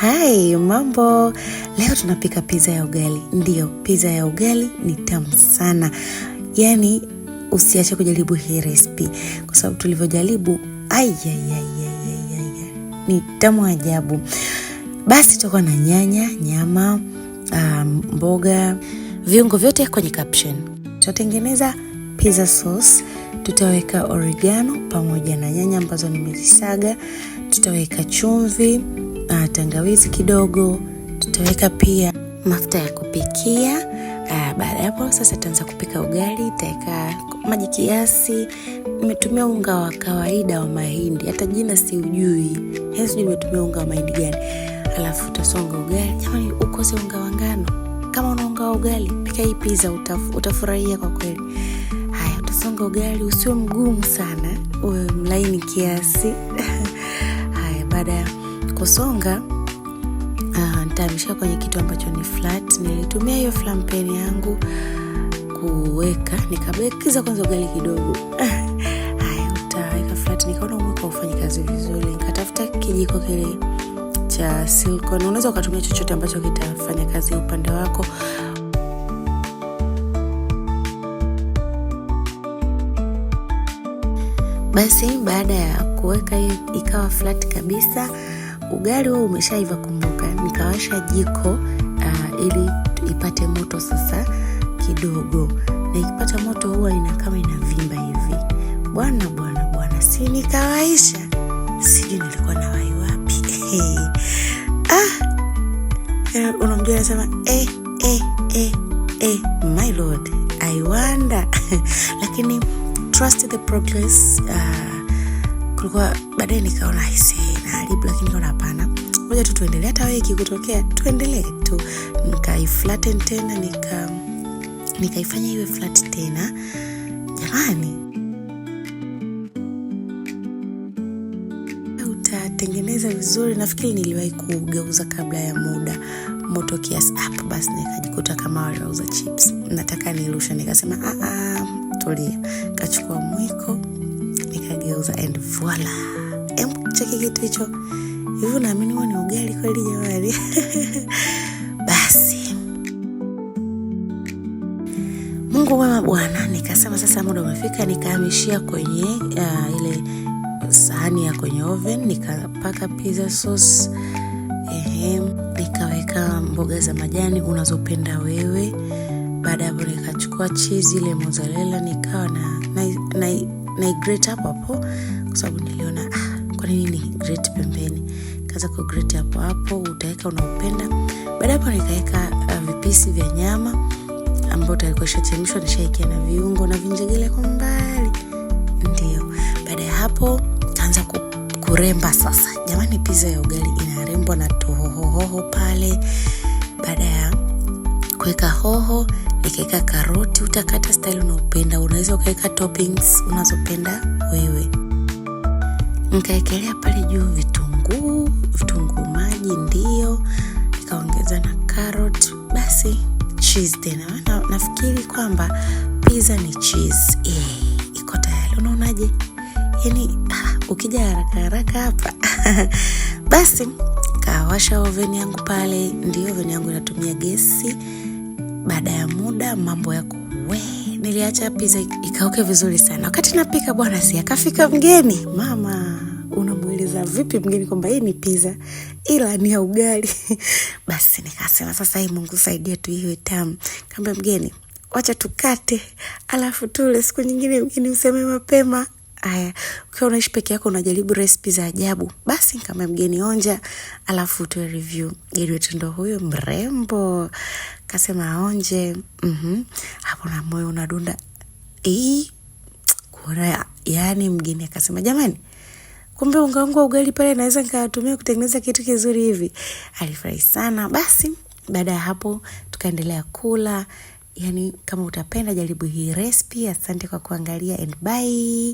Hai, mambo. Leo tunapika piza ya ugali. ndio piza ya ugali ni tamu sana, yani usiache kujaribu hii resipi kwa sababu tulivyojaribu, ni tamu ajabu. Basi tutakuwa na nyanya, nyama, um, mboga, viungo vyote kwenye caption. Tutatengeneza pizza sauce tutaweka oregano pamoja na nyanya ambazo nimezisaga, tutaweka chumvi na ah, tangawizi kidogo, tutaweka pia mafuta ya kupikia. Uh, baada ya hapo sasa tutaanza kupika ugali. Nitaweka maji kiasi. Nimetumia unga wa kawaida wa mahindi, hata jina si ujui yaani sijui nimetumia unga wa mahindi gani. Alafu tutasonga ugali. Jamani, ukose unga wa ngano? Kama una unga wa ugali, pika hii pizza, utafurahia kwa kweli. Haya, utasonga ugali, usio mgumu sana, uwe mlaini kiasi. Haya, baada ya Ninaposonga uh, nitahamishia kwenye kitu ambacho ni flat. Nilitumia hiyo flampeni yangu kuweka, nikabekiza kwanza ugali kidogo haya, utaweka flat. Nikaona umweka ufanyi kazi vizuri, nikatafuta kijiko kile cha silicone. Unaweza ukatumia chochote ambacho kitafanya kazi upande wako. Basi baada ya kuweka hiyo ikawa flat kabisa ugali huo umeshaiva, kumbuka, nikawasha jiko uh, ili ipate moto sasa kidogo, na ikipata moto huwa ina kama inavimba hivi. Bwana bwana bwana, si nikawaisha, siju nilikuwa na wai wapi hey. Ah, eh, unamjua anasema eh, eh, eh, eh, my lord iwanda lakini trust the progress uh, kulikuwa baadaye nikaona hisi karibu, lakini kaona hapana, moja tu tuendelee, hata wewe kikutokea tuendelee tu. Nikaiflatten tena nika nikaifanya iwe flat tena, jamani utatengeneza vizuri. Nafikiri niliwahi kugeuza kabla ya muda moto kiasi hapo, ah, basi nikajikuta kama wanauza chips, nataka nirusha, nikasema ah, ah, tulia, kachukua mwiko nikageuza and voila. Hebu cheki kitu hicho. Hivi naamini huo ni ugali kweli jamani? Basi Mungu mwema Bwana, nikasema sasa muda umefika, nikaamishia kwenye uh, ile sahani ya kwenye oven, nikapaka pizza sauce ehem, nikaweka mboga za majani unazopenda wewe. Baada ya nikachukua cheese ile mozzarella, nikawa na na, na, na grate hapo kwa sababu niliona ah kwa nini ni grate pembeni. Kaza ku grate hapo hapo, utaweka unaopenda. Baada hapo nikaweka uh, vipisi vya nyama ambayo tayari shachemshwa na na viungo na vinjegele kwa mbali. Ndio. Baada ya hapo taanza ku, kuremba sasa. Jamani, pizza ya ugali inarembwa na tohohohoho pale. Baada ya kuweka hoho nikaweka karoti, utakata stali unaopenda. Unaweza ukaweka unazopenda wewe nikaekelea pale juu vitunguu, vitunguu maji ndio, nikaongeza na carrot, basi cheese tena. Na, nafikiri kwamba pizza ni cheese yeah, iko tayari. Unaonaje? Yani ah, ukija haraka haraka hapa basi kawasha oven yangu pale, ndio oven yangu inatumia gesi. Baada ya muda mambo yako we niliacha pizza ikauke vizuri sana. Wakati napika bwana, si akafika mgeni. Mama, unamueleza vipi mgeni kwamba hii ni pizza ila ni ya ugali? Basi nikasema sasa, hii Mungu saidia tu iwe tamu. kamba mgeni, wacha tukate alafu tule, siku nyingine mgeni useme mapema. Aya, ukiwa unaishi peke yako unajaribu resipi za ajabu, basi nkama mgeni onja, alafu utoe review. geri wetu ndo huyo mrembo, kasema aonje. mm-hmm. Hapo na moyo unadunda ii kuona, yaani mgeni akasema jamani, kumbe unga wangu wa ugali pale naweza nkatumia kutengeneza kitu kizuri hivi. Alifurahi sana. Basi baada ya hapo tukaendelea kula. Yani, kama utapenda jaribu hii resipi. Asante kwa kuangalia and bye.